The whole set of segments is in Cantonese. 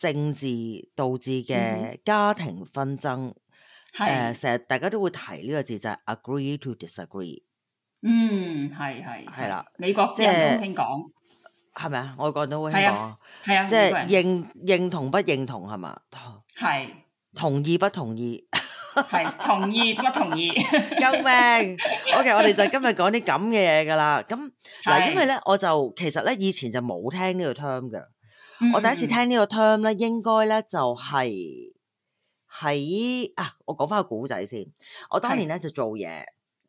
政治導致嘅家庭紛爭，誒，成日大家都會提呢個字就係 agree to disagree。嗯，係係係啦，美國人都好興講，係咪啊？外國都好興講，係啊，即係認認同不認同係嘛？係同意不同意係同意不同意？救命！OK，我哋就今日講啲咁嘅嘢㗎喇。咁嗱，因為咧，我就其實咧以前就冇聽呢個 term 嘅。我第一次聽呢個 term 咧，應該咧就係喺啊，我講翻個古仔先。我當年咧就做嘢，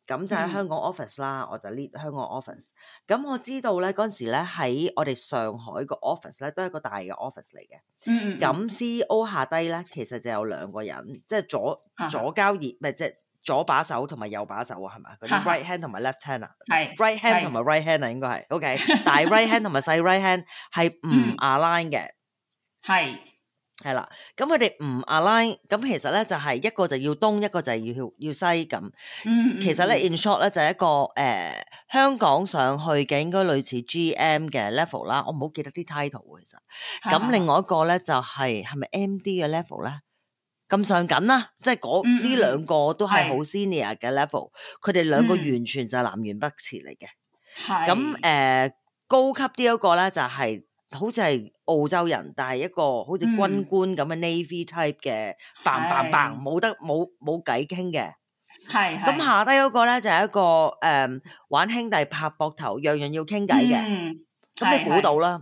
咁是就喺香港 office 啦、嗯，我就 lead 香港 office。咁我知道咧嗰陣時咧喺我哋上海個 office 咧都係一個大嘅 office 嚟嘅。咁、嗯嗯、CEO 下低咧其實就有兩個人，即、就、係、是、左左交易咪即係。哈哈左把手同埋右把手啊，係咪？嗰啲 right hand 同埋 left hand 啊，係 right hand 同埋 right hand 啊，應該係。OK，大 right hand 同埋細 right hand 係唔 align 嘅，係係啦。咁佢哋唔 align，咁其實咧就係一個就要東，一個就係要要西咁。嗯嗯。其實咧，in short 咧就係一個誒香港上去嘅應該類似 GM 嘅 level 啦。我唔好記得啲 title 其實。咁另外一個咧就係係咪 MD 嘅 level 咧？咁上緊啦，即係嗰呢兩個都係好 senior 嘅 level，佢哋兩個完全就係南轅北轍嚟嘅。咁誒高級啲一個咧就係好似係澳洲人，但係一個好似軍官咁嘅 navy type 嘅，棒棒棒，冇得冇冇偈傾嘅。係咁下低嗰個咧就係一個誒玩兄弟拍膊頭，樣樣要傾偈嘅。咁你估到啦，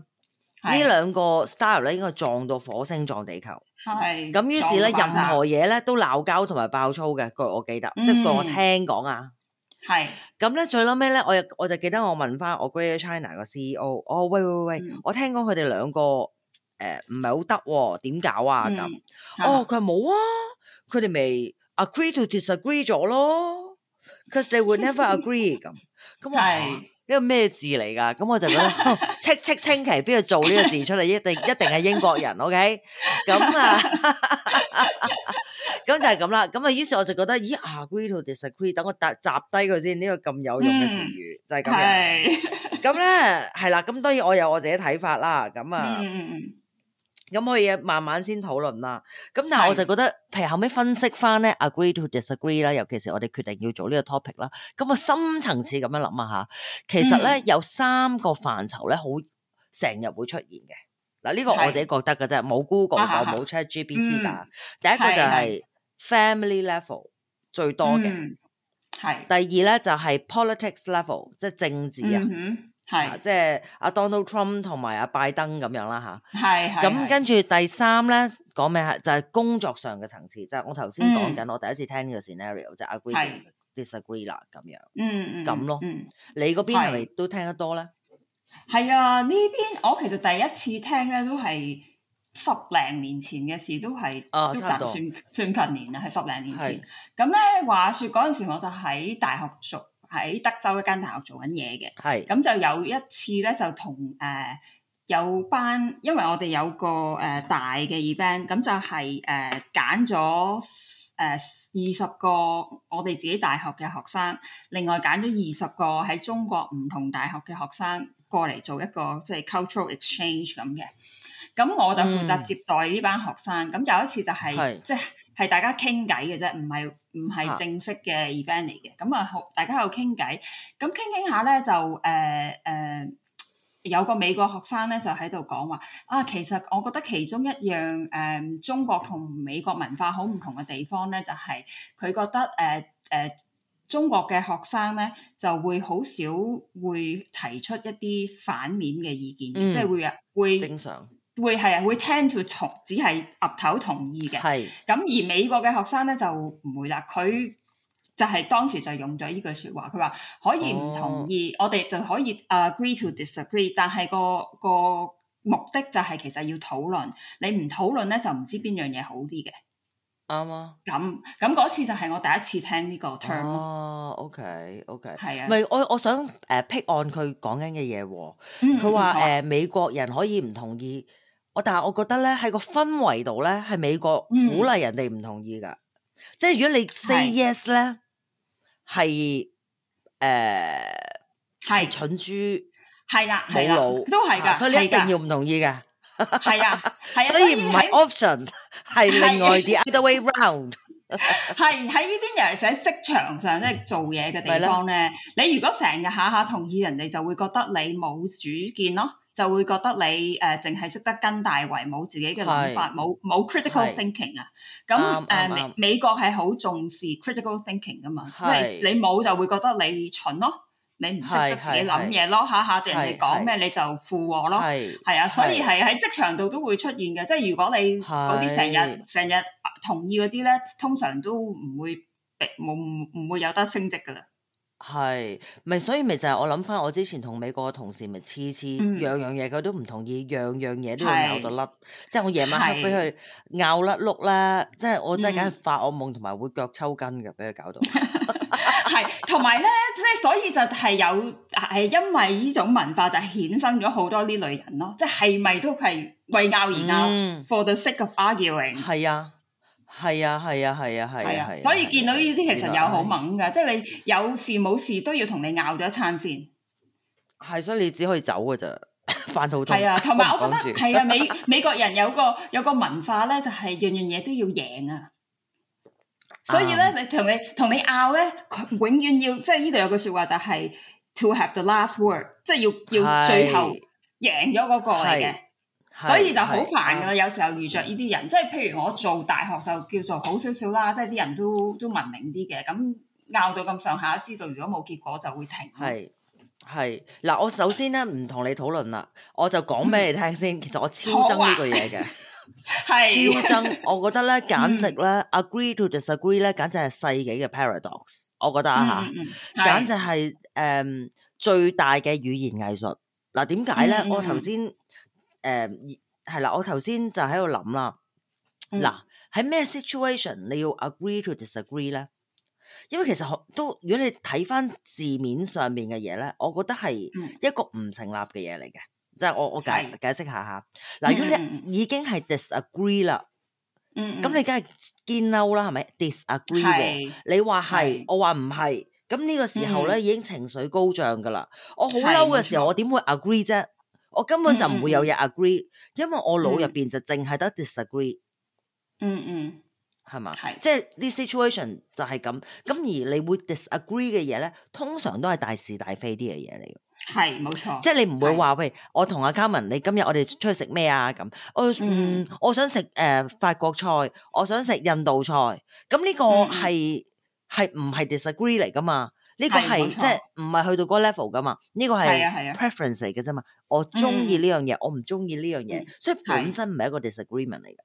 呢兩個 style 咧應該撞到火星撞地球。係，咁於是咧，任何嘢咧都鬧交同埋爆粗嘅，據我記得，即係據我聽講啊。係，咁咧最撈尾咧？我又我就記得我問翻我 Great China 個 CEO，哦喂喂喂，我聽講佢哋兩個誒唔係好得，點搞啊咁？哦，佢話冇啊，佢哋未 agree to disagree 咗咯，cause they would never agree 咁，咁我話。呢個咩字嚟噶？咁我就覺得，清、哦、清清奇，邊度做呢個字出嚟？一定一定係英國人，OK？咁啊，咁 就係咁啦。咁啊，於是我就覺得，咦啊，agree to disagree，等我摘低佢先。呢、這個咁有用嘅詞語、嗯、就係咁樣。咁咧是，係啦。咁當然我有我自己睇法啦。咁啊。嗯咁可以慢慢先討論啦。咁但係我就覺得，譬如後尾分析翻咧，agree to disagree 啦。尤其是我哋決定要做呢個 topic 啦。咁啊，深層次咁樣諗啊嚇。其實咧有三個範疇咧，好成日會出現嘅。嗱，呢個我自己覺得嘅啫，冇 Google 啊，冇 check GPT 啊。 第一個就係 family level 最多嘅，係。 第二咧就係 politics level，即係政治啊。 係，即係阿 Donald Trump 同埋阿拜登咁樣啦吓，係係。咁跟住第三咧講咩啊就係工作上嘅層次，就係我頭先講緊，我第一次聽呢個 scenario，即係 agree disagree 啦咁樣。嗯嗯。咁咯。嗯。你嗰邊係咪都聽得多咧？係啊，呢邊我其實第一次聽咧都係十零年前嘅事，都係都暫算最近年啊，係十零年前。咁咧，話説嗰陣時，我就喺大學讀。喺德州一間大學做緊嘢嘅，咁是就有一次咧就同誒、呃、有班，因為我哋有個誒、呃、大嘅 event，咁就係誒揀咗誒二十個我哋自己大學嘅學生，另外揀咗二十個喺中國唔同大學嘅學生過嚟做一個即係、就是、cultural exchange 咁嘅，咁我就負責接待呢班、嗯、學生。咁有一次就係即係。係大家傾偈嘅啫，唔係唔係正式嘅 event 嚟嘅。咁啊，大家喺度傾偈，咁傾傾下咧就誒誒、呃呃，有個美國學生咧就喺度講話啊，其實我覺得其中一樣誒、呃，中國同美國文化好唔同嘅地方咧，就係、是、佢覺得誒誒、呃呃，中國嘅學生咧就會好少會提出一啲反面嘅意見，即係、嗯、會會正常。會係啊，會 tend to 同只係岌頭同意嘅。係咁是而美國嘅學生咧就唔會啦，佢就係當時就用咗呢句説話，佢話可以唔同意，哦、我哋就可以 agree to disagree 但。但係個個目的就係其實要討論，你唔討論咧就唔知邊樣嘢好啲嘅。啱啊、嗯。咁咁嗰次就係我第一次聽呢個 term。哦，OK OK，係啊。唔係我我想誒 pick on 佢講緊嘅嘢喎。佢話誒美國人可以唔同意。我但係我覺得咧，喺個氛圍度咧，係美國鼓勵人哋唔同意噶，即係如果你 say yes 咧，係誒係蠢豬，係啦，冇腦，都係噶，所以你一定要唔同意嘅，係啊，所以唔係 option，係另外啲，either way round，係喺呢邊又係喺職場上咧做嘢嘅地方咧，你如果成日下下同意人哋，就會覺得你冇主見咯。就會覺得你誒淨係識得跟大圍，冇自己嘅諗法，冇冇 critical thinking 啊？咁誒美美國係好重視 critical thinking 噶嘛？即係你冇就會覺得你蠢咯，你唔識得自己諗嘢咯，下下人哋講咩你就附和咯，係啊，所以係喺職場度都會出現嘅。即係如果你嗰啲成日成日同意嗰啲咧，通常都唔會冇唔唔會有得升職噶啦。係，咪所以咪就係我諗翻我之前同美國嘅同事咪次次，嗯、樣樣嘢，佢都唔同意，樣樣嘢都要咬到甩，是即係我夜晚翻去咬甩碌啦，是即係我真係梗係發惡夢，同埋，嗯、會腳抽筋㗎，俾佢搞到。係， 同埋咧，即係所以就係有係因為呢種文化就衍生咗好多呢類人咯，即係咪都係為拗而拗，嗯、，for the sake of arguing，係啊。係啊係啊係啊係啊，所以見到呢啲其實有好猛噶，即係你有事冇事都要同你拗咗一餐先。係，所以你只可以走噶咋，飯肚痛。係啊，同埋我覺得係啊，美美國人有個有個文化咧，就係樣樣嘢都要贏啊。所以咧，你同你同你拗咧，永遠要即係呢度有句說話就係 to have the last word，即係要要最後贏咗嗰個嚟嘅。所以就好煩㗎，啊、有時候遇着呢啲人，即係譬如我做大學就叫做好少少啦，即係啲人都都文明啲嘅，咁拗到咁上下，知道如果冇結果就會停。係係嗱，我首先咧唔同你討論啦，我就講畀你聽先。其實我超憎呢句嘢嘅，好啊、 是超憎！我覺得咧，簡直咧，agree to disagree 咧，簡直係世紀嘅 paradox，我覺得啊嚇，嗯嗯、簡直係誒、嗯、最大嘅語言藝術。嗱點解咧？我頭先。嗯嗯誒，係啦，我頭先就喺度諗啦，嗱，喺咩 situation 你要 agree to disagree 咧？因為其實都，如果你睇返字面上面嘅嘢咧，我覺得係一個唔成立嘅嘢嚟嘅。即係我我解解釋下吓，嗱，如果你已經係 disagree 啦，咁你梗係堅嬲啦，係咪？disagree 你話係，我話唔係，咁呢個時候咧已經情緒高漲噶啦，我好嬲嘅時候，我點會 agree 啫？我根本就唔會有嘢 agree，因為我腦入邊就淨係得 disagree。嗯嗯，係嘛吧？係是，即係啲 situation 就係咁。咁而你會 disagree 嘅嘢咧，通常都係大是大非啲嘅嘢嚟。係，冇錯。即係你唔會話是喂，我同阿卡文，你今日我哋出去食咩啊？咁，我嗯，我想食誒、呃、法國菜，我想食印度菜。咁呢個係係唔係、嗯、disagree 嚟噶嘛？呢個係即係唔係去到嗰個 level 噶嘛？呢、呢個係 preference 嚟嘅啫嘛。我中意呢樣嘢，嗯、我唔中意呢樣嘢，嗯、所以本身唔係一個 disagreement 嚟嘅。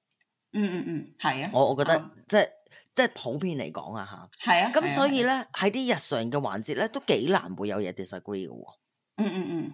嗯嗯嗯，係啊。我我覺得、嗯、即係即係普遍嚟講啊吓，係啊。咁所以咧，喺啲日常嘅環節咧，都幾難會有嘢 disagree 喎。嗯嗯嗯。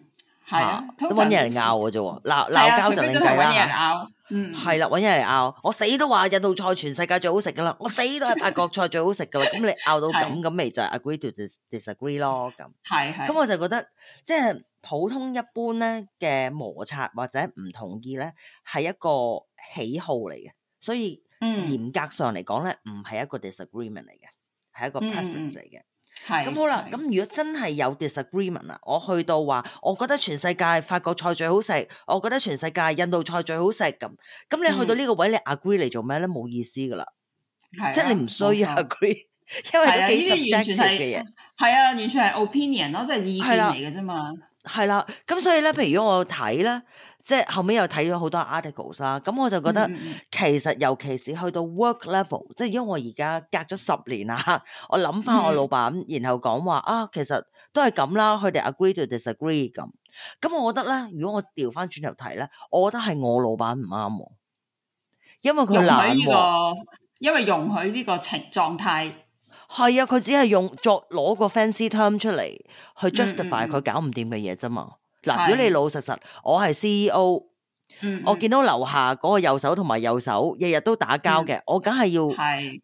係，啊、都揾人嚟拗嘅啫喎，鬧交就另計啦嚇。係啦，揾人嚟拗，嗯，我死都話印度菜全世界最好食噶啦，我死都係法國菜最好食噶啦。咁你拗到咁咁咪就係 agree to disagree 咯咁。係係。咁我就覺得，即、就、係、是、普通一般咧嘅摩擦或者唔同意咧，係一個喜好嚟嘅，所以嚴格上嚟講咧，唔係一個 disagreement 嚟嘅，係一個 preference 嚟嘅。係咁好啦，咁是如果真係有 disagreement 啊，我去到話，我覺得全世界法國菜最好食， 我覺得全世界印度菜最好食咁，咁你去到個呢個位，你 agree 嚟做咩咧？冇意思噶啦，嗯、即係你唔需要 agree，的 因為都幾 subjective 嘅嘢，係啊，完全係 opinion 咯，即係意見嚟嘅啫嘛。係啦，咁所以咧，譬如如果我睇咧，即係後尾又睇咗好多 articles 啦，咁我就覺得、嗯、其實尤其是去到 work level，即係因為我而家隔咗十年啦，我諗翻我老闆，然後講話啊，其實都係咁啦，佢哋 agree to disagree 咁，咁我覺得咧，如果我調翻轉頭睇咧，我覺得係我老闆唔啱，因為佢懶喎，因為容許呢個情狀態。係啊，佢只係用作攞個 fancy term 出嚟去 justify 佢、嗯、搞唔掂嘅嘢啫嘛。嗱、嗯，如果你老老實實，我係 CEO，嗯、我見到樓下嗰個右手同埋右手日日都打交嘅，嗯、我梗係要，嗯、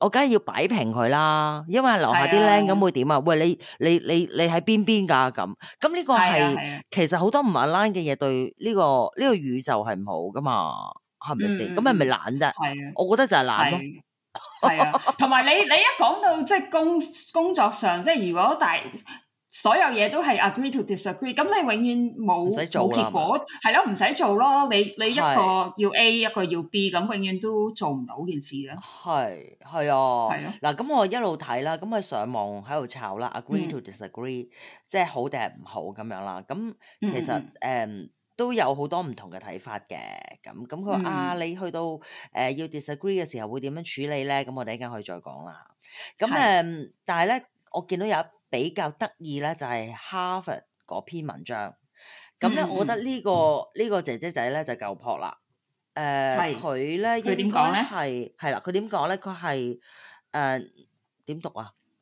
我梗係要擺、嗯、平佢啦。因為樓下啲靚咁會點啊？嗯、喂，你你你你喺邊邊噶咁？咁呢、啊、個係其實好多唔 align 嘅嘢，對呢個呢個宇宙係唔好噶嘛，係咪先？咁係咪懶啫？我覺得就係懶咯。係啊，同埋 你你一講到即係工工作上，即係如果大所有嘢都係 agree to disagree，咁你永遠冇冇結果，係咯，唔使做咯。你你一個要 A，的一個要 B，咁永遠都做唔到件事啦。係係的啊，嗱，咁我一路睇啦，咁去上網喺度炒啦，agree to disagree，即係、嗯、好定係唔好咁樣啦。咁其實誒。嗯嗯嗯都有好多唔同嘅睇法嘅，咁咁佢話啊，你去到誒、呃、要 disagree 嘅時候會點樣處理咧？咁我哋一陣可以再講啦。咁誒是、呃，但係咧，我見到有一比較得意咧，就係 Harvard 嗰篇文章。咁咧、嗯，我覺得呢、這個呢、嗯、個姐姐仔咧就夠仆啦。誒、呃，佢咧佢點講咧？係係啦，佢點講咧？佢係誒點讀啊？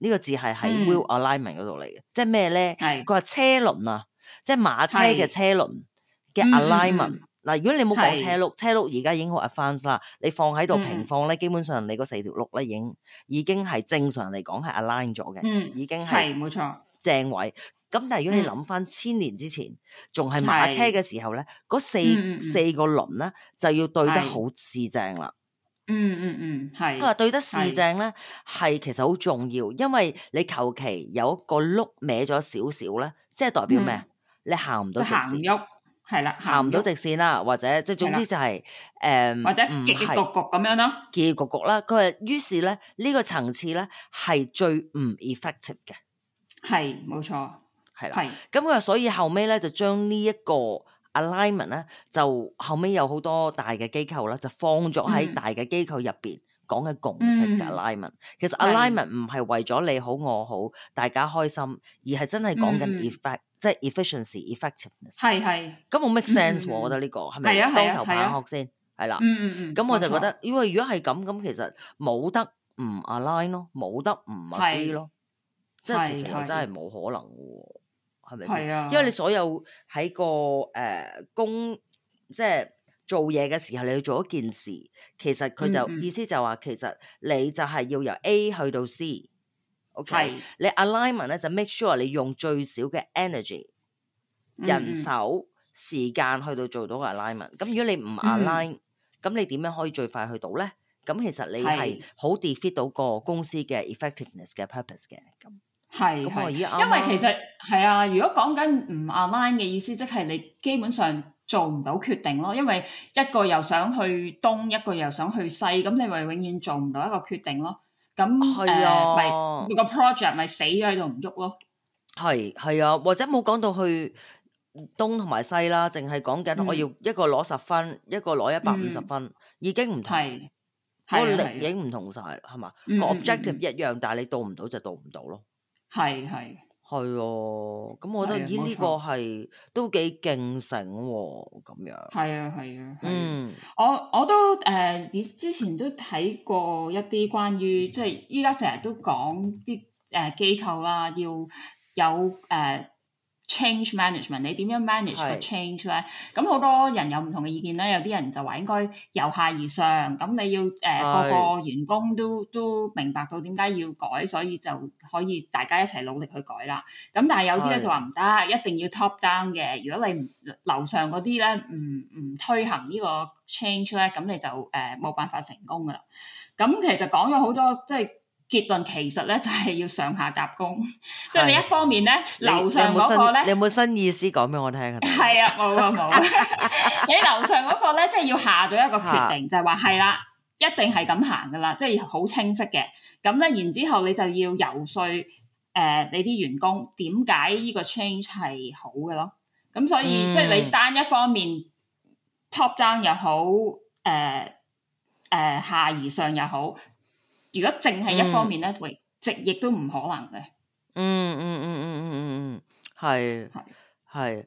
呢個字係喺 wheel alignment 度嚟嘅，即係咩咧？佢話車輪啊，即係馬車嘅車輪嘅 alignment。嗱，如果你冇講車轆，車轆而家已經好 advanced 啦，你放喺度平放咧，基本上你嗰四條轆咧，已經已經係正常嚟講係 aligned 咗嘅，已經係冇錯正位。咁但係如果你諗翻千年之前仲係馬車嘅時候咧，嗰四四個輪咧就要對得好正正啦。嗯嗯嗯，係我話對得四正咧，係是其實好重要，因為你求其有一個碌歪咗少少咧，即係代表咩？嗯、你行唔到直線，係啦，行唔到直線啦，或者即係總之就係、是、誒，了嗯、或者結局局咁樣咯，結局局啦。佢話於是咧，呢、這個層次咧係最唔 effective 嘅，係冇錯，係啦了，係咁佢所以後尾咧就將呢一個。alignment 咧就後尾有好多大嘅機構啦，就放咗喺大嘅機構入邊講緊共識嘅 alignment。其實 alignment 唔係為咗你好我好，大家開心，而係真係講緊 effect，即係 efficiency，effectiveness。係係咁，冇、就是、是 make sense，我覺得呢個係咪當頭棒喝先？係啦、啊，咁我就覺得，錯因為如果係咁，咁其實冇得唔 align 是咯，冇得唔 agree 咯，即係其實真係冇可能嘅。係咪先？因為你所有喺個誒工，即係做嘢嘅時候，你去做一件事，其實佢就意思就話，其實你就係要由 A 去到 C，OK？你 alignment 咧就 make sure 你用最少嘅 energy、人手、時間去到做到個 alignment。咁如果你唔 align，咁你點樣可以最快去到咧？咁其實你係好 defeat 到個公司嘅 effectiveness 嘅 purpose 嘅咁。係，係係因為其實係啊，啊。如果講緊唔 align 嘅意思，即係你基本上做唔到決定咯。因為一個又想去東，一個又想去西，咁你咪永遠做唔到一個決定咯。咁誒，咪、啊啊、個 project 咪死咗喺度唔喐咯。係係啊，或者冇講到去東同埋西啦，淨係講緊我要一個攞十分，嗯、一個攞一百五十分，嗯、已經唔同。係個力已經唔同晒，係嘛？嗯嗯、個 objective 一樣，但係你到唔到就到唔到咯。係係係啊！咁我覺得咦呢個係都幾勁醒喎，咁樣。係啊係啊，嗯，我我都誒，之、呃、之前都睇過一啲關於即係依家成日都講啲誒機構啦、啊，要有誒。呃 Change management，你點樣 manage 個 change 咧？咁好是多人有唔同嘅意見啦，有啲人就話應該由下而上，咁你要誒個、呃、是個員工都都明白到點解要改，所以就可以大家一齊努力去改啦。咁但係有啲咧是就話唔得，一定要 top down 嘅。如果你唔樓上嗰啲咧唔唔推行呢個 change 咧，咁你就誒冇、呃、辦法成功㗎啦。咁其實講咗好多，即係。結論其實咧就係、是、要上下夾攻。即 係你一方面咧你樓上嗰個咧，你有冇新，新意思講俾我聽？係 啊，冇啊，冇。 你樓上嗰個咧，即、就、係、是、要下咗一個決定， 就係話係啦，一定係咁行噶啦，即係好清晰嘅。咁咧，然之後你就要遊說誒、呃、你啲員工，點解呢個 change 係好嘅咯？咁所以即係、嗯、你單一方面 top down 又好，誒、呃、誒、呃呃、下而上又好。如果淨係一方面咧，喂、嗯，直亦都唔可能嘅、嗯。嗯嗯嗯嗯嗯嗯嗯，係係係。的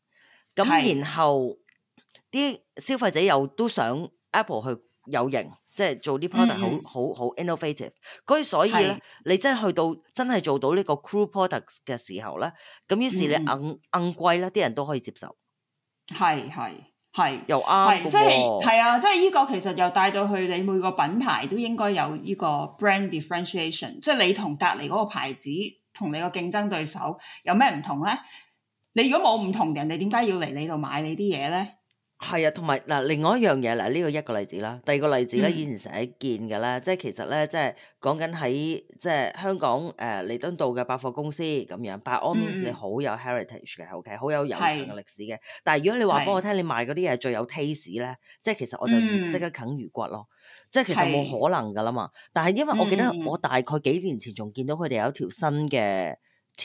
咁然後啲是消費者又都想 Apple 去有型，即係、嗯、做啲 product 好好好 innovative。所以咧，是你真係去到真係做到呢個 cool products 嘅時候咧，咁於是你硬、嗯、硬貴咧，啲人都可以接受。係係係又啱，即係係啊！即係呢個其實又帶到去你每個品牌都應該有呢個 brand differentiation，即係你同隔籬嗰個牌子同你個競爭對手有咩唔同咧？你如果冇唔同人，人哋點解要嚟你度買你啲嘢咧？係啊，同埋嗱，另外一樣嘢嗱，呢、這個一個例子啦，第二個例子咧，以前成日見嘅啦、嗯，即係其實咧，即係講緊喺即係香港誒、呃、利敦道嘅百貨公司咁樣，百安 f f 你好有 heritage 嘅，OK，好有悠長嘅歷史嘅。是的 但係如果你話俾我聽，是的 你賣嗰啲嘢最有 taste 咧，即係其實我就魚、嗯、即刻啃如骨咯。即係其實冇可能噶啦嘛。但係因為我記得我大概幾年前仲見到佢哋有一條新嘅。嗯嗯 T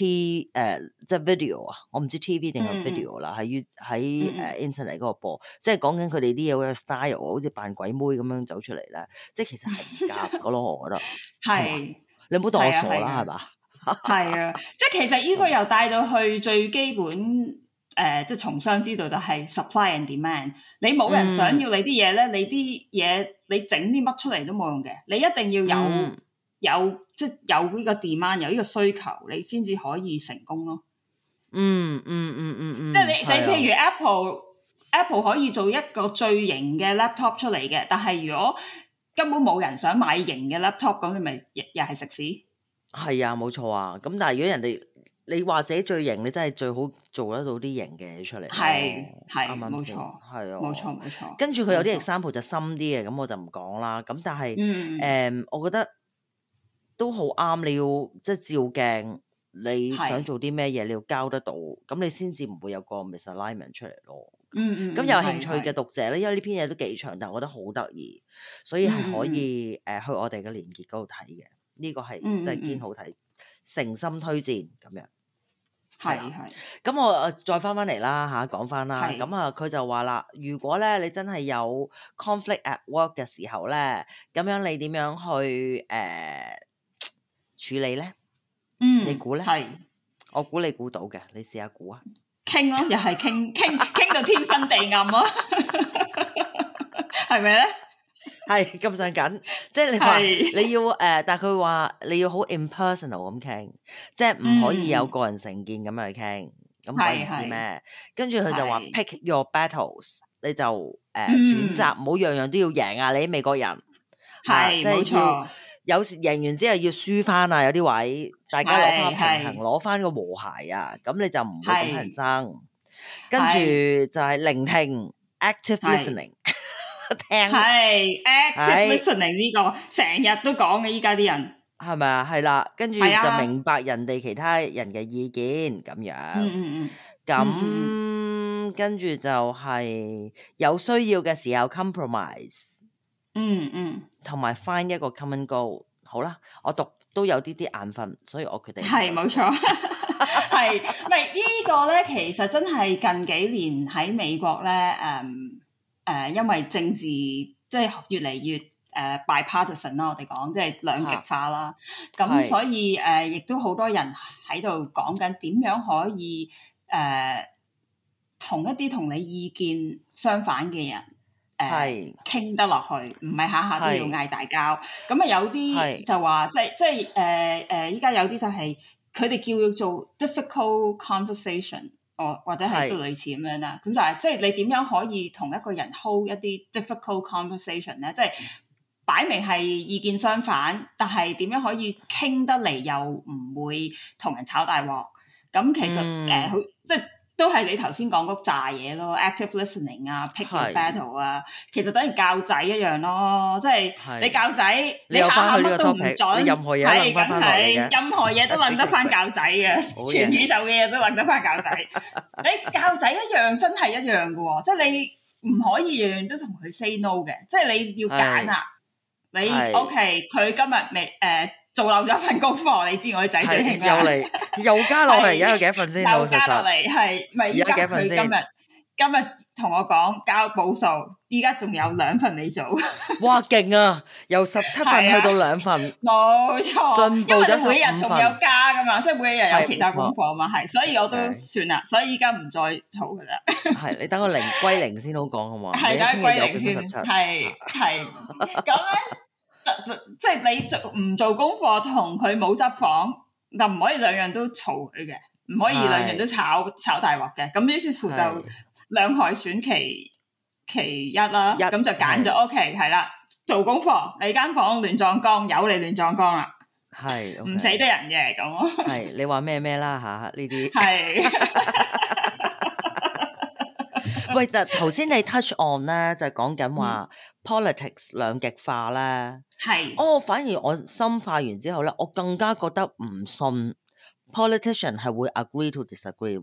誒、uh, 嗯，即係 video 啊，我唔知 TV 定係 video 啦，喺喺誒 internet 嗰個播，嗯、即係講緊佢哋啲嘢好有 style，好似扮鬼妹咁樣走出嚟咧，即係其實係夾噶咯， 我覺得係是，你唔好當我傻啦，係嘛，係啊，即係其實呢個由帶到去最基本誒、呃，即係從商之道就係 supply and demand，你冇人想要你啲嘢咧，你啲嘢你整啲乜出嚟都冇用嘅，你一定要有。嗯有即係、就是、有呢個 demand，有呢個需求，你先至可以成功咯。嗯嗯嗯嗯嗯，嗯嗯嗯即係你你譬的如 Apple，Apple、嗯、可以做一個最型嘅 laptop 出嚟嘅，但係如果根本冇人想買型嘅 laptop，咁你咪又係食屎。係啊，冇錯啊。咁但係如果人哋你或者最型，你真係最好做得到啲型嘅嘢出嚟。係係，冇錯，係啊好，冇錯冇錯。錯跟住佢有啲 example 就深啲嘅，咁我就唔講啦。咁但係，誒、嗯嗯，我覺得。都好啱，你要即係照鏡，你想做啲咩嘢，你要交得到，咁是你先至唔會有個 misalignment 出嚟咯。嗯嗯。咁有興趣嘅讀者咧，是是因為呢篇嘢都幾長，但係我覺得好得意，所以係可以誒、嗯嗯呃、去我哋嘅連結嗰度睇嘅。呢、這個係、嗯嗯、真係堅好睇，誠心推薦咁樣。係係是。咁我再翻翻嚟啦吓，講翻啦。咁啊，佢是就話啦，如果咧你真係有 conflict at work 嘅時候咧，咁樣你點樣去誒？呃呃處理咧，嗯，你估咧？係，我估你估到嘅，你試下估啊！傾咯，又係傾傾傾到天昏地暗咯，係咪咧？係咁上緊，即係你話你要誒，但係佢話你要好 impersonal 咁傾，即係唔可以有個人成見咁去傾，咁鬼知咩？跟住佢就話 pick your battles，你就誒選擇，唔好樣樣都要贏啊！你美國人係，即係。有時贏完之後要輸翻啊，有啲位大家攞翻平衡，攞翻個和諧是啊，咁你就唔會咁緊張。跟住就係聆聽，active listening，聽，active listening 呢個成日都講嘅，依家啲人係咪啊？係啦，跟住就明白人哋其他人嘅意見咁樣。啊、嗯嗯咁、嗯嗯、跟住就係有需要嘅時候 compromise。嗯嗯，同埋翻一個 common goal，好啦，我讀都有啲啲眼瞓，所以我決定係冇錯，係係、 這個、呢個咧？其實真係近幾年喺美國咧，誒、嗯、誒、呃、因為政治即係、就是、越嚟越誒、呃、bipartisan 啦，我哋講即係兩極化啦，咁所以誒亦、呃、都好多人喺度講緊點樣可以誒同、呃、一啲同你意見相反嘅人。誒，傾、uh, 是得落去，唔係下下都要嗌大交。咁啊是，有啲就話是，即係即係，誒、呃、誒，依家有啲就係佢哋叫做 difficult conversation，哦，或者係都類似咁樣啦。咁是就係即係你點樣可以同一個人 hold 一啲 difficult conversation 咧？即、就、係、是、擺明係意見相反，但係點樣可以傾得嚟又唔會同人炒大鑊？咁其實誒，好、嗯呃、即係。都係你頭先講嗰炸嘢咯，active listening 啊，pick the battle 啊，是其實等於教仔一樣咯，是即係你教仔，你下下乜都唔準，係梗係任何嘢都揾得返教仔嘅，全宇宙嘅嘢都揾得返教仔，哈哈哈哈，你教仔一樣真係一樣嘅喎，即係 你唔可以樣樣都同佢 say no 嘅，即、就、係、是、你要揀啊，是你是 OK 佢今日未誒。Uh, 做漏咗一份功課，你知我啲仔最近啊，又嚟又加落嚟，而家有幾份先？又加落嚟，係咪而家幾份先今日？今日同我講交補數，而家仲有兩份未做。哇，勁啊！由十七份去到兩份，冇錯，進步咗十五份。因為每日仲有加噶嘛，即係每日有其他功課啊嘛，係，所以我都算啦，所以依家唔再做噶啦。係你等我零歸零先好講好嘛？係等歸零先，係係咁樣。即係你做唔做功課同佢冇執房，就唔可以兩樣都嘈佢嘅，唔可以兩樣都炒是炒大鑊嘅。咁於是乎就兩害選其其一啦，咁一就揀咗。OK 係啦，做功課你間房亂葬崗，有你亂葬崗、啊 okay, 啦，係唔死得人嘅咁。係你話咩咩啦吓？呢啲係。 喂，但頭先你 touch on 咧，就講、是、緊話、嗯、politics 兩極化咧，係是哦，反而我深化完之後咧，我更加覺得唔信 politician 係會 agree to disagree，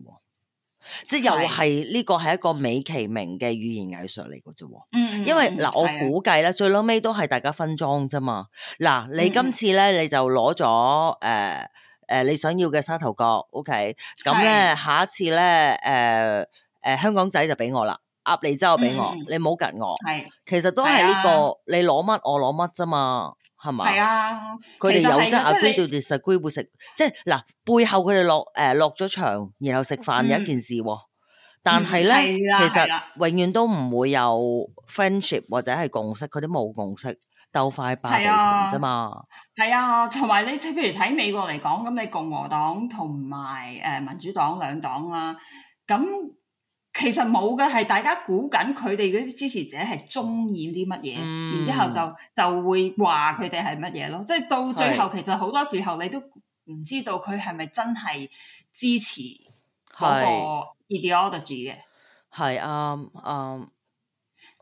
即係又係呢是個係一個美其名嘅語言藝術嚟嘅啫，嗯，因為嗱、嗯、我估計咧，的最嬲尾都係大家分裝啫嘛，嗱，你今次咧你就攞咗誒誒你想要嘅沙頭角，OK，咁咧下一次咧誒。呃呃呃呃。誒，香港仔就俾我啦，鴨脷洲就俾我，嗯、你唔好夾我。係，其實都係呢個，你攞乜我攞乜啫嘛，係咪？係啊，佢哋有即係 agree to disagree，即係嗱背後佢哋落誒、呃、落咗場，然後食飯有一件事。嗯、但係咧，嗯啊啊、其實永遠都唔會有 friendship 或者係共識，佢啲冇共識，鬥快霸地盤啫嘛。係啊，同埋你即譬如睇美國嚟講，咁你共和黨同埋誒民主黨兩黨啦，咁。其實冇嘅，係大家估緊佢哋嗰啲支持者係中意啲乜嘢，嗯、然之後就就會話佢哋係乜嘢咯。即係到最後，是其實好多時候你都唔知道佢係咪真係支持嗰個 ideology 嘅是。係啊啊，um, um,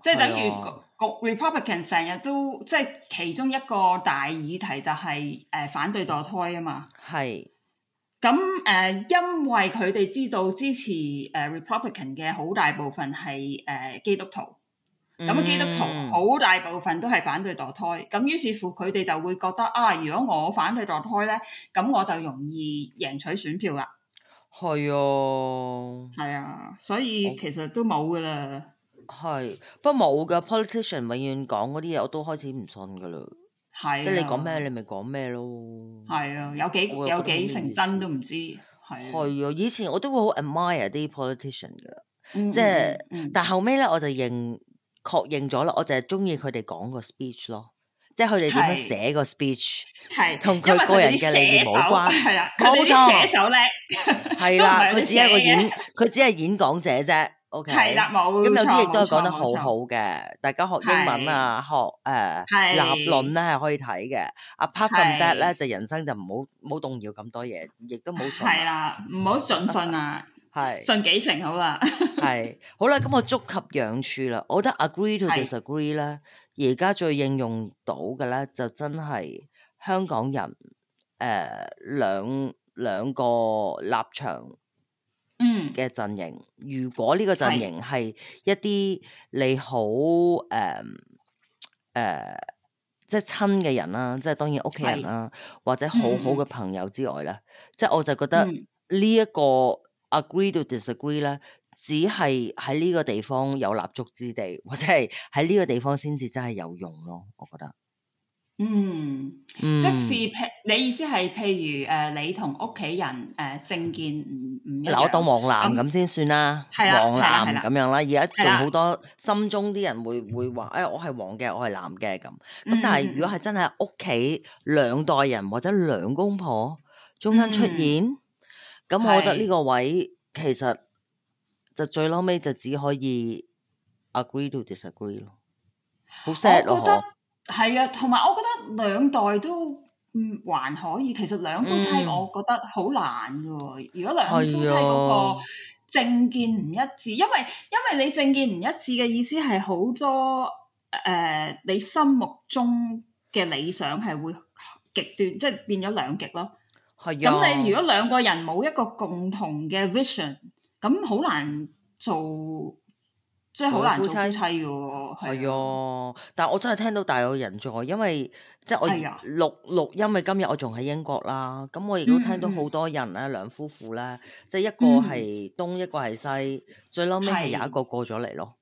即係等於國的國 republican 成日都即係其中一個大議題就係、是、誒、呃、反對墮胎啊嘛。係。咁誒，嗯、因為佢哋知道支持誒 Republican 嘅好大部分係誒基督徒，咁、嗯、基督徒好大部分都係反對墮胎，咁於是乎佢哋就會覺得啊，如果我反對墮胎咧，咁我就容易贏取選票啦。係啊，係啊，所以其實都冇噶啦。係，不過冇噶 Politician 永遠講嗰啲嘢，我都開始唔信噶啦。係，即係你講咩，你咪講咩咯。係啊，有幾有幾成真都唔知。係啊，以前我都會好 admire 啲 politician 嘅，即係但後尾咧我就認確認咗啦，我就係中意佢哋講個 speech 咯，即係佢哋點樣寫個 speech，係同佢個人嘅理念冇關，係啊，冇錯，寫手咧，係啦錯，佢 只係一個演，佢只係演講者啫。OK，係啦，冇咁有啲亦都係講得好好嘅，大家學英文啊，學誒立論咧係可以睇嘅。Apart from that 咧，就人生就唔好冇動搖咁多嘢，亦都冇錯。係啦，唔好盡信啊，係信幾成好啦。係好啦，咁我觸及兩處啦。我覺得 agree to disagree 咧，而家最應用到嘅咧，就真係香港人誒兩兩個立場。嗯、嘅陣營，如果呢個陣營係一啲你好誒誒即係親嘅人啦，即係當然屋企人啦，是或者好好嘅朋友之外咧，是即係我就覺得呢一個 agree to disagree 咧，只係喺呢個地方有立足之地，或者係喺呢個地方先至真係有用咯，我覺得。嗯，即是譬，你意思係譬如誒，你同屋企人誒政見唔唔一樣，嗱，到黃藍咁先算啦，黃藍咁樣啦，而家仲好多心中啲人會會話，誒，我係黃嘅，我係藍嘅咁，咁但係如果係真係屋企兩代人或者兩公婆中間出現，咁我覺得呢個位其實就最嬲尾就只可以 agree to disagree 咯，好 sad 咯嗬。係啊，同埋我覺得兩代都嗯還可以。其實兩夫妻我覺得好難噶。嗯、如果兩夫妻嗰個政見唔一致，的因為因為你政見唔一致嘅意思係好多誒、呃，你心目中嘅理想係會極端，即係變咗兩極咯。係咁的，你如果兩個人冇一個共同嘅 vision，咁好難做。即係好難做夫妻，夫妻喎，係啊！但係我真係聽到大有人在，因為即係我錄錄音嘅今日，我仲喺英國啦。咁我亦都聽到好多人咧，兩、嗯、夫婦咧，即係一個係東，嗯、一個係西，最嬲尾係有一個過咗嚟咯。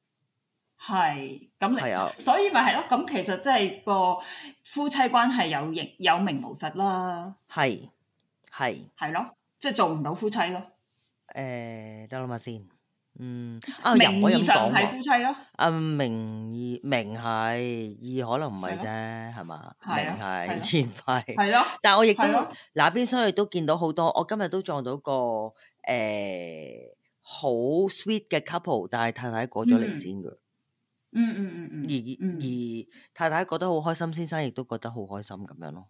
係，咁你係啊？所以咪係咯？咁其實即係個夫妻關係有形有名無實啦。係，係，係咯，即係、就是、做唔到夫妻咯。誒、呃，得啦，唔好先。嗯，啊，名義上係夫妻咯，阿明，明名係，二可能唔係啫，係嘛？明係，二唔係，係咯。但係我亦都嗱邊，所以都見到好多，我今日都撞到個誒好 sweet 嘅 couple，但係太太過咗嚟先㗎，嗯嗯嗯嗯，而而太太覺得好開心，先生亦都覺得好開心咁樣咯，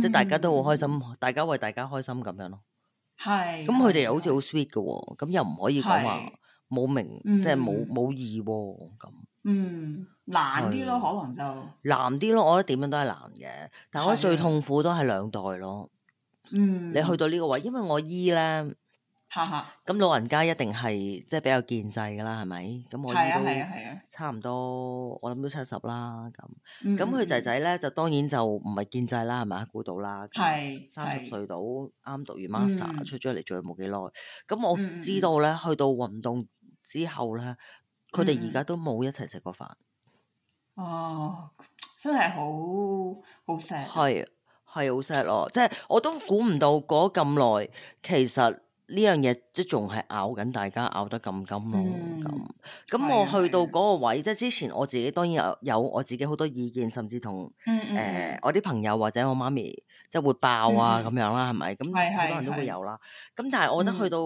即係大家都好開心，大家為大家開心咁樣咯，係。咁佢哋又好似好 sweet 㗎喎，咁又唔可以講話。冇明，即係冇冇意喎咁。嗯，難啲咯，可能就難啲咯。我覺得點樣都係難嘅。但係我覺得最痛苦都係兩代咯。嗯，你去到呢個位，因為我姨咧，哈哈，咁老人家一定係即係比較建制㗎啦，係咪？咁我姨都係差唔多，我諗都七十啦。咁咁佢仔仔咧，就當然就唔係建制啦，係咪啊？估到啦，係三十歲到啱讀完 master 出咗嚟，做冇幾耐。咁我知道咧，去到運動。之後咧，佢哋而家都冇一齊食過飯，嗯。哦，真係好好 sad，係係好 sad 咯。即係我都估唔到過咁耐，其實呢樣嘢即仲係咬緊大家咬得咁緊咯。咁咁、嗯，我去到嗰個位，即係、嗯、之前我自己當然有有我自己好多意見，甚至同誒、嗯嗯呃、我啲朋友或者我媽咪即係、就是、會爆啊咁、嗯、樣啦，係咪？咁好多人都會有啦。咁、嗯嗯、但係我覺得去到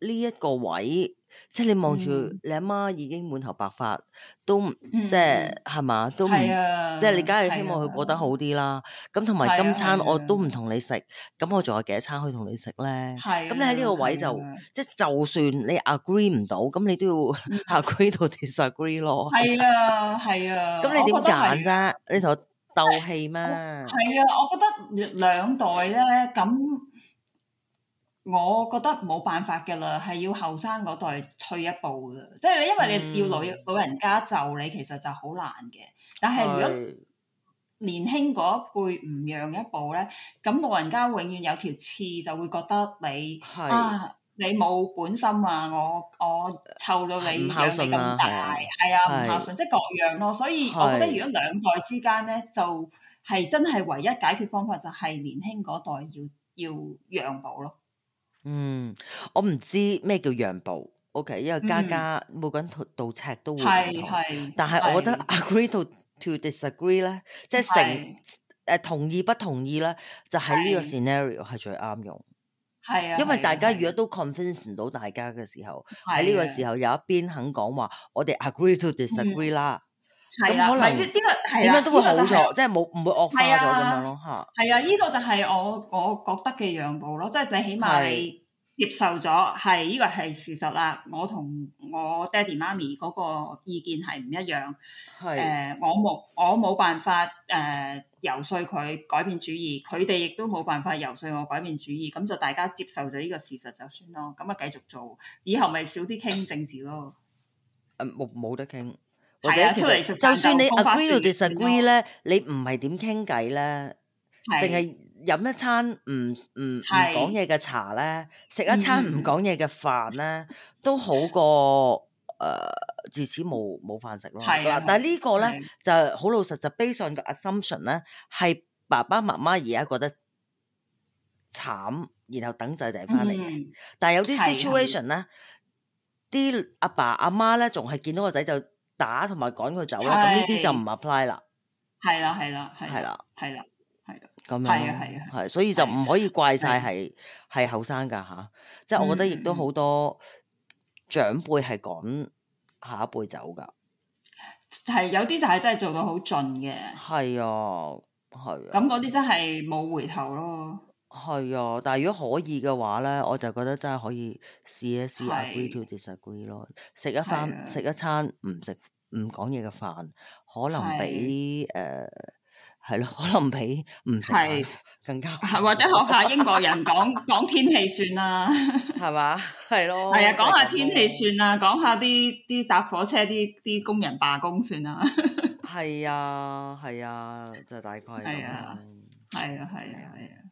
呢一個位。即係你望住你阿媽已經滿頭白髮，都、嗯、即係係嘛，都唔、啊、即係你梗係希望佢過得好啲啦。咁同埋今餐我都唔同你食，咁、啊、我仲有幾多餐可以同你食咧？咁、啊、你喺呢個位就即係、啊、就，就算你 agree 唔到，咁你都要 agree to disagree 咯。係啊，係啊。咁 你點揀啫？你同我鬥氣咩？係啊，我覺得兩代咧咁。我覺得冇辦法嘅啦，係要後生嗰代退一步嘅，即係你因為你要老老人家就你，嗯、其實就好難嘅。嗯、但係如果年輕嗰一輩唔讓一步咧，咁老人家永遠有條刺，就會覺得你是啊，你冇本心啊。我我湊到你養、啊、你咁大，係啊，唔孝順，即、就、係、是、各樣咯。所以我覺得如果兩代之間咧，就係真係唯一解決方法就係年輕嗰代要要、要、要讓步咯。嗯，mm, 我唔知咩叫讓步，OK，因為家家、嗯、每個人度尺都會唔同，嗯、但係我覺得 agree to disagree 咧，即、就、係、是、成誒是、uh, 同意不同意咧，就喺呢個 scenario 係最啱用，係啊，啊啊因為大家如果都 convince 唔到大家嘅時候，喺呢個時候有一邊肯講話，我哋 agree to disagree 啦、啊。嗯。係啦，點點解點解都會好咗，即係冇唔會惡化咗咁樣咯吓。係啊，呢個能就係、是、我我覺得嘅讓步咯，即係你起碼接受咗，係呢個係事實啦。我同我爹哋媽咪嗰個意見係唔一樣，誒的、呃，我冇我冇辦法誒、呃、游說佢改變主意，佢哋亦都冇辦法游說我改變主意，咁就大家接受咗呢個事實就算咯，咁啊繼續做，以後咪少啲傾政治咯。誒，冇冇得傾。或者出嚟，就算你 agree 到 disagree 咧、嗯，你唔係點傾偈咧，淨係飲一餐唔唔唔講嘢嘅茶咧，食一餐唔講嘢嘅飯咧，都好過誒、嗯呃、自此冇冇飯食咯。係啦、啊，但係呢個咧的就好老實，就 based on 嘅 assumption 咧係爸爸媽媽而家覺得慘，然後等仔仔翻嚟。嘅、嗯。但係有啲 situation 咧，啲阿爸阿媽咧仲係見到個仔就。打同埋趕佢走咧，咁呢啲就唔 apply 啦。係啦，係啦，係啦，係啦，係啦，咁樣。係啊，係啊，係，所以就唔可以怪晒係係後生噶吓。即係我覺得亦都好多長輩係趕下一輩走噶。係有啲就係真係做到好盡嘅。係啊，係。咁嗰啲真係冇回頭咯。係啊，但係如果可以嘅話咧，我就覺得真係可以試一試 agree to disagree 咯。食一餐，食一餐唔食。唔講嘢嘅飯，可能比誒係咯，可能比唔食飯更加，或者學下英國人講講天氣算啦，係嘛？係咯，係啊，講下天氣算啦，講下啲啲搭火車啲啲工人罷工算啦。係啊，係啊，就大概係啊，係啊，係啊，係啊。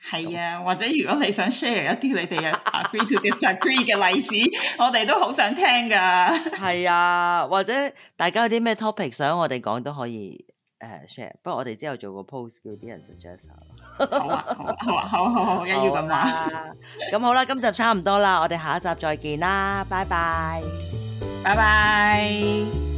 係啊，或者如果你想 share 一啲你哋 agree to disagree 嘅例子， 我哋都好想聽噶。係啊，或者大家有啲咩 topic 想我哋講都可以誒、uh, share。不過我哋之後做個 post 叫啲人欣賞、 啊。好啊，好啊，好好好，又要咁話。咁好啦、啊，今集差唔多啦， 我哋下一集再見啦，拜拜，拜拜。